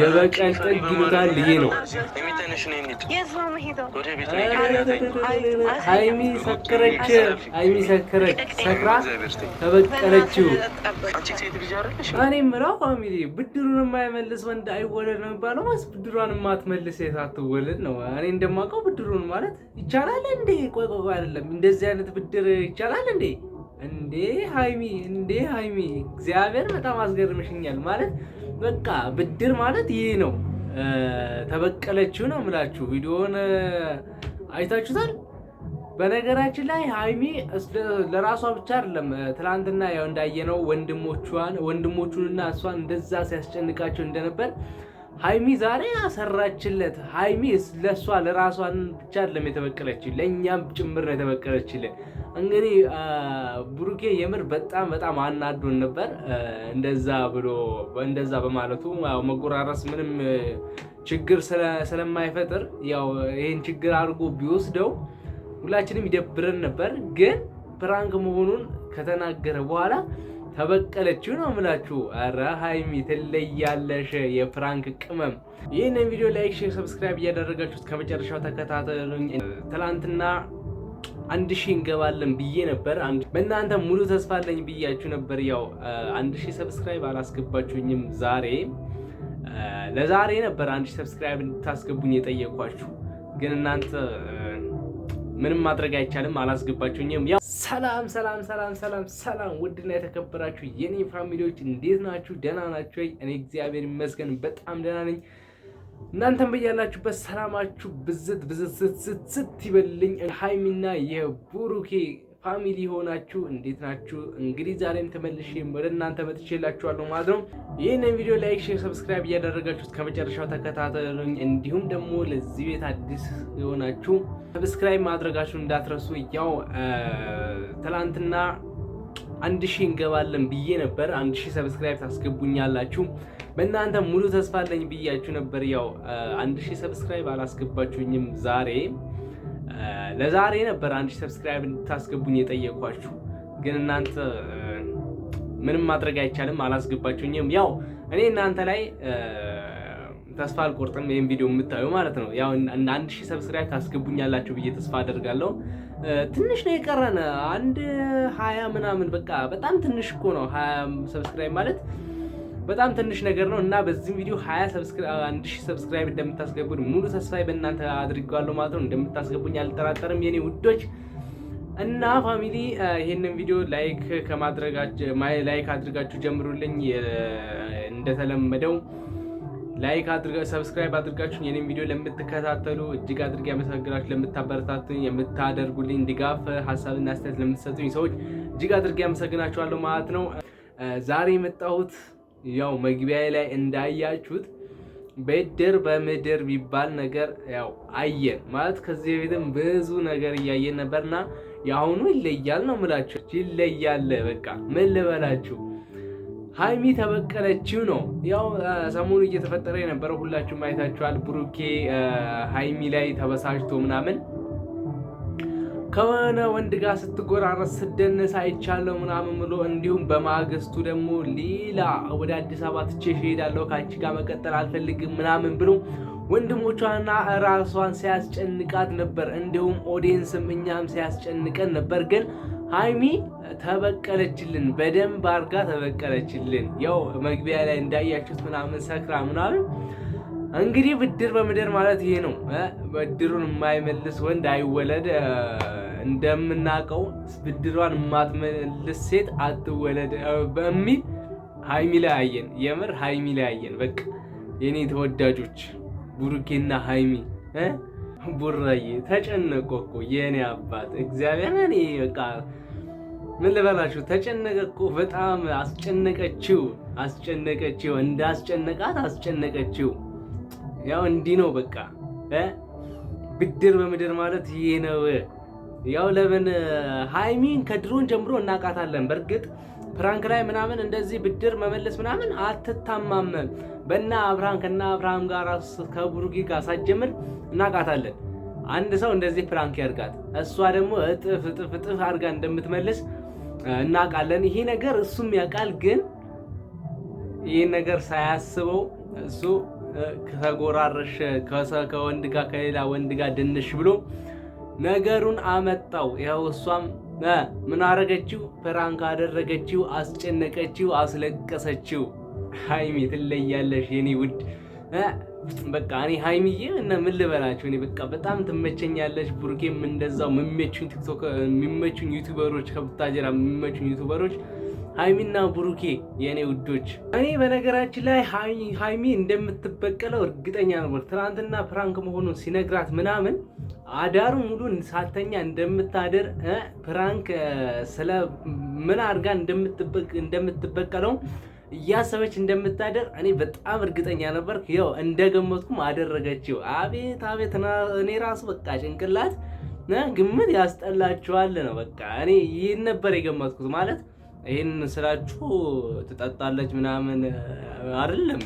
የበቀል ጥግ ይሉታል። ነው ሀይሚ ሀይሚ ሰክራ ተበቀለችው። እኔ ምራው ፋሚሊ ብድሩን የማይመልስ ወንድ አይወለድ ነው የሚባለው። ማስ ብድሯን የማትመልስ አትወለድ ነው። እኔ እንደማውቀው ብድሩን ማለት ይቻላል እንዴ? ቆይ ቆይ፣ አይደለም እንደዚህ አይነት ብድር ይቻላል እንዴ? እንዴ ሀይሚ እንዴ ሀይሚ እግዚአብሔር በጣም አስገርምሽኛል። ማለት በቃ ብድር ማለት ይህ ነው። ተበቀለችው ነው የምላችሁ። ቪዲዮን አይታችሁታል። በነገራችን ላይ ሀይሚ ለራሷ ብቻ አይደለም። ትናንትና ያው እንዳየነው ወንድሞቿን ወንድሞቹንና እሷን እንደዛ ሲያስጨንቃቸው እንደነበር ሀይሚ ዛሬ ያሰራችለት ሀይሚ ለእሷ ለራሷን ብቻ አይደለም የተበቀለች ለእኛም ጭምር ነው የተበቀለችልን። እንግዲህ ብሩኬ የምር በጣም በጣም አናዶን ነበር እንደዛ ብሎ እንደዛ በማለቱ መጎራረስ ምንም ችግር ስለማይፈጥር ያው ይህን ችግር አድርጎ ቢወስደው ሁላችንም ይደብረን ነበር። ግን ፕራንክ መሆኑን ከተናገረ በኋላ ተበቀለችው ነው ምላችሁ። አረ ሀይሚ ትለያለሽ፣ የፍራንክ ቅመም። ይህንን ቪዲዮ ላይክ፣ ሼር፣ ሰብስክራይብ እያደረጋችሁት ከመጨረሻው ተከታተሉኝ። ትላንትና አንድ ሺህ እንገባለን ብዬ ነበር። በእናንተ ሙሉ ተስፋ አለኝ ብያችሁ ነበር። ያው አንድ ሺህ ሰብስክራይብ አላስገባችሁኝም። ዛሬ ለዛሬ ነበር አንድ ሺህ ሰብስክራይብ እንድታስገቡኝ የጠየኳችሁ፣ ግን እናንተ ምንም ማድረግ አይቻልም። አላስገባችሁኝም። ያው ሰላም ሰላም ሰላም ሰላም ሰላም፣ ውድና የተከበራችሁ የኔ ፋሚሊዎች እንዴት ናችሁ? ደህና ናችሁ ወይ? እኔ እግዚአብሔር ይመስገን በጣም ደህና ነኝ። እናንተም በያላችሁበት ሰላማችሁ ብዝት ብዝት ስት ስት ይበልኝ። ሀይሚና የቡሩኬ ፋሚሊ ሆናችሁ እንዴት ናችሁ? እንግዲህ ዛሬም ተመልሼ ወደ እናንተ መጥቼላችኋለሁ ማለት ነው። ይህንን ቪዲዮ ላይክ፣ ሼር፣ ሰብስክራይብ እያደረጋችሁ እስከ መጨረሻው ተከታተሉኝ። እንዲሁም ደግሞ ለዚህ ቤት አዲስ የሆናችሁ ሰብስክራይብ ማድረጋችሁ እንዳትረሱ። ያው ትላንትና አንድ ሺህ እንገባለን ብዬ ነበር። አንድ ሺህ ሰብስክራይብ ታስገቡኛላችሁ በእናንተ ሙሉ ተስፋ አለኝ ብያችሁ ነበር። ያው አንድ ሺህ ሰብስክራይብ አላስገባችሁኝም ዛሬ ለዛሬ ነበር አንድ ሰብስክራይብ እንድታስገቡኝ የጠየኳችሁ፣ ግን እናንተ ምንም ማድረግ አይቻልም አላስገባችሁኝም። ያው እኔ እናንተ ላይ ተስፋ አልቆርጥም፣ ይህም ቪዲዮ የምታዩ ማለት ነው። ያው አንድ ሺህ ሰብስክራይብ ታስገቡኛላችሁ ብዬ ተስፋ አደርጋለሁ። ትንሽ ነው የቀረን፣ አንድ ሀያ ምናምን በቃ በጣም ትንሽ እኮ ነው ሀያ ሰብስክራይብ ማለት በጣም ትንሽ ነገር ነው እና በዚህም ቪዲዮ 21 ሺህ ሰብስክራይብ እንደምታስገቡኝ ሙሉ ተስፋዬ በእናንተ አድርጌዋለሁ ማለት ነው። እንደምታስገቡኝ አልጠራጠርም የኔ ውዶች እና ፋሚሊ ይህንን ቪዲዮ ላይክ ከማድረጋችሁ ላይክ አድርጋችሁ ጀምሩልኝ። እንደተለመደው ላይክ አድርጋ ሰብስክራይብ አድርጋችሁ የኔን ቪዲዮ ለምትከታተሉ እጅግ አድርጌ ያመሰግናችሁ። ለምታበረታቱኝ፣ የምታደርጉልኝ ድጋፍ፣ ሀሳብና አስተያየት ለምትሰጡኝ ሰዎች እጅግ አድርጌ ያመሰግናችኋለሁ ማለት ነው። ዛሬ የመጣሁት ያው መግቢያ ላይ እንዳያችሁት በድር በምድር የሚባል ነገር ያው አየን ማለት ከዚህ በፊትም ብዙ ነገር እያየን ነበርና የአሁኑ ይለያል ነው ምላችሁ። ይለያል በቃ ምን ልበላችሁ። ሀይሚ ተበቀለችው ነው ያው ሰሞኑ እየተፈጠረ የነበረው ሁላችሁም አይታችኋል። ብሩኬ ሀይሚ ላይ ተበሳጭቶ ምናምን ከሆነ ወንድ ጋር ስትጎራረስ ስደነስ አይቻለሁ ምናምን ብሎ እንዲሁም በማግስቱ ደግሞ ሌላ ወደ አዲስ አበባ ትቼ እሄዳለሁ ከአንቺ ጋር መቀጠል አልፈልግም ምናምን ብሎ ወንድሞቿና ራሷን ሲያስጨንቃት ነበር። እንዲሁም ኦዲየንስም እኛም ሲያስጨንቀን ነበር ግን ሀይሚ ተበቀለችልን፣ በደንብ አርጋ ተበቀለችልን። ያው መግቢያ ላይ እንዳያችሁት ምናምን ሰክራ ምናምን እንግዲህ ብድር በምድር ማለት ይሄ ነው። ብድሩን የማይመልስ ወንድ አይወለድ። እንደምናውቀው ብድሯን የማትመልስ ሴት አትወለድ በሚል ሀይሚ ላይ አየን። የምር ሀይሚ ላይ አየን። በቃ የኔ ተወዳጆች ቡሩኬና ሀይሚ ቡራዬ ተጨነቆ እኮ የኔ አባት እግዚአብሔር እኔ በቃ ምን ልበላችሁ፣ ተጨነቀ እኮ በጣም አስጨነቀችው፣ አስጨነቀችው፣ እንዳስጨነቃት አስጨነቀችው። ያው እንዲህ ነው በቃ ብድር በምድር ማለት ይሄ ነው። ያው ለምን ሀይሚን ከድሮን ጀምሮ እናውቃታለን። በእርግጥ ፕራንክ ላይ ምናምን እንደዚህ ብድር መመለስ ምናምን አትታማመም በእና አብርሃም ከና አብርሃም ጋር ከቡሩጊ ጋር ሳትጀምር እናውቃታለን። አንድ ሰው እንደዚህ ፕራንክ ያርጋት፣ እሷ ደግሞ እጥፍ እጥፍ እጥፍ አድርጋ እንደምትመልስ እናውቃለን። ይሄ ነገር እሱም ያውቃል። ግን ይህን ነገር ሳያስበው እሱ ከጎራረሽ ከወንድ ጋር ከሌላ ወንድ ጋር ድንሽ ብሎ ነገሩን አመጣው። ያው እሷም ምን አረገችው? ፕራንክ አደረገችው፣ አስጨነቀችው፣ አስለቀሰችው። ሀይሚ ትለያለሽ የኔ ውድ በቃ እኔ ሀይሚዬ እና ምን ልበላችሁ፣ እኔ በቃ በጣም ትመቸኛለች። ብሩኬም እንደዛው የሚመቹኝ ቲክቶክ የሚመቹኝ ዩቲዩበሮች ከብታጀራ የሚመቹኝ ዩቱበሮች ሀይሚና ብሩኬ የእኔ ውዶች፣ እኔ በነገራችን ላይ ሀይሚ እንደምትበቀለው እርግጠኛ ነበር። ትናንትና ፕራንክ መሆኑን ሲነግራት ምናምን አዳሩ ሙሉ ሳተኛ እንደምታደር ፕራንክ ስለ ምን አድርጋ እንደምትበቀለው እያሰበች እንደምታደር እኔ በጣም እርግጠኛ ነበር። ያው እንደገመትኩም አደረገችው። አቤት አቤት! እኔ ራሱ በቃ ጭንቅላት ግምት ያስጠላችኋል ነው። በቃ እኔ ይህን ነበር የገመትኩት ማለት ይህን ስላችሁ ትጠጣለች ምናምን አይደለም፣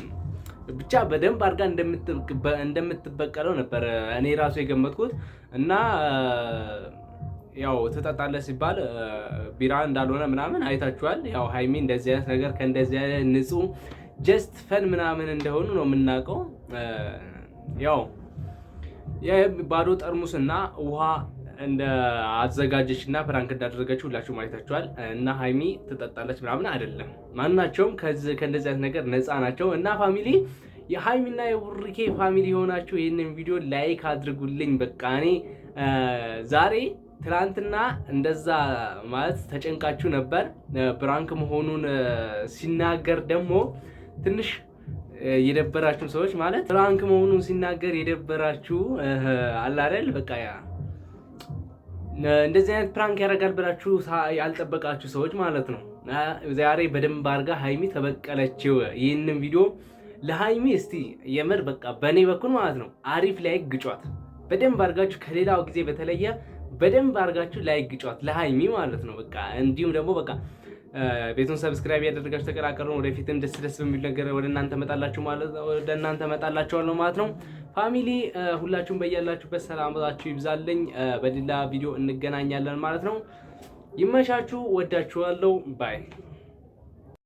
ብቻ በደንብ አድርጋ እንደምትበቀለው ነበር እኔ ራሱ የገመትኩት እና ያው ትጠጣለ ሲባል ቢራ እንዳልሆነ ምናምን አይታችኋል። ያው ሀይሚ እንደዚህ አይነት ነገር ከእንደዚህ አይነት ንጹሕ ጀስት ፈን ምናምን እንደሆኑ ነው የምናውቀው። ያው ባዶ ጠርሙስ እና ውሃ እንደ አዘጋጀች እና ፕራንክ እንዳደረገች ሁላችሁ ማየታችኋል። እና ሀይሚ ትጠጣለች ምናምን አይደለም። ማናቸውም ከእንደዚህ አይነት ነገር ነፃ ናቸው። እና ፋሚሊ የሀይሚና የቡርኬ ፋሚሊ የሆናችሁ ይህንን ቪዲዮ ላይክ አድርጉልኝ። በቃ እኔ ዛሬ ትላንትና እንደዛ ማለት ተጨንቃችሁ ነበር። ፕራንክ መሆኑን ሲናገር ደግሞ ትንሽ የደበራችሁ ሰዎች ማለት ፕራንክ መሆኑን ሲናገር የደበራችሁ አላደል በቃ እንደዚህ አይነት ፕራንክ ያደርጋል ብላችሁ ያልጠበቃችሁ ሰዎች ማለት ነው። ዛሬ በደንብ አድርጋ ሀይሚ ተበቀለችው። ይህንን ቪዲዮ ለሀይሚ እስቲ የምር በቃ በእኔ በኩል ማለት ነው አሪፍ ላይ ግጯት በደንብ አድርጋችሁ ከሌላው ጊዜ በተለየ በደንብ አድርጋችሁ ላይ ግጯት ለሀይሚ ማለት ነው። በቃ እንዲሁም ደግሞ በቃ ቤቱን ሰብስክራይብ ያደረጋችሁ ተቀላቀሉ። ወደፊትም ደስ ደስ በሚል ነገር ወደ እናንተ መጣላችሁ ማለት ወደ እናንተ መጣላችኋለሁ ማለት ነው። ፋሚሊ ሁላችሁም በያላችሁበት ሰላማችሁ ይብዛልኝ። በሌላ ቪዲዮ እንገናኛለን ማለት ነው። ይመሻችሁ። ወዳችኋለሁ። ባይ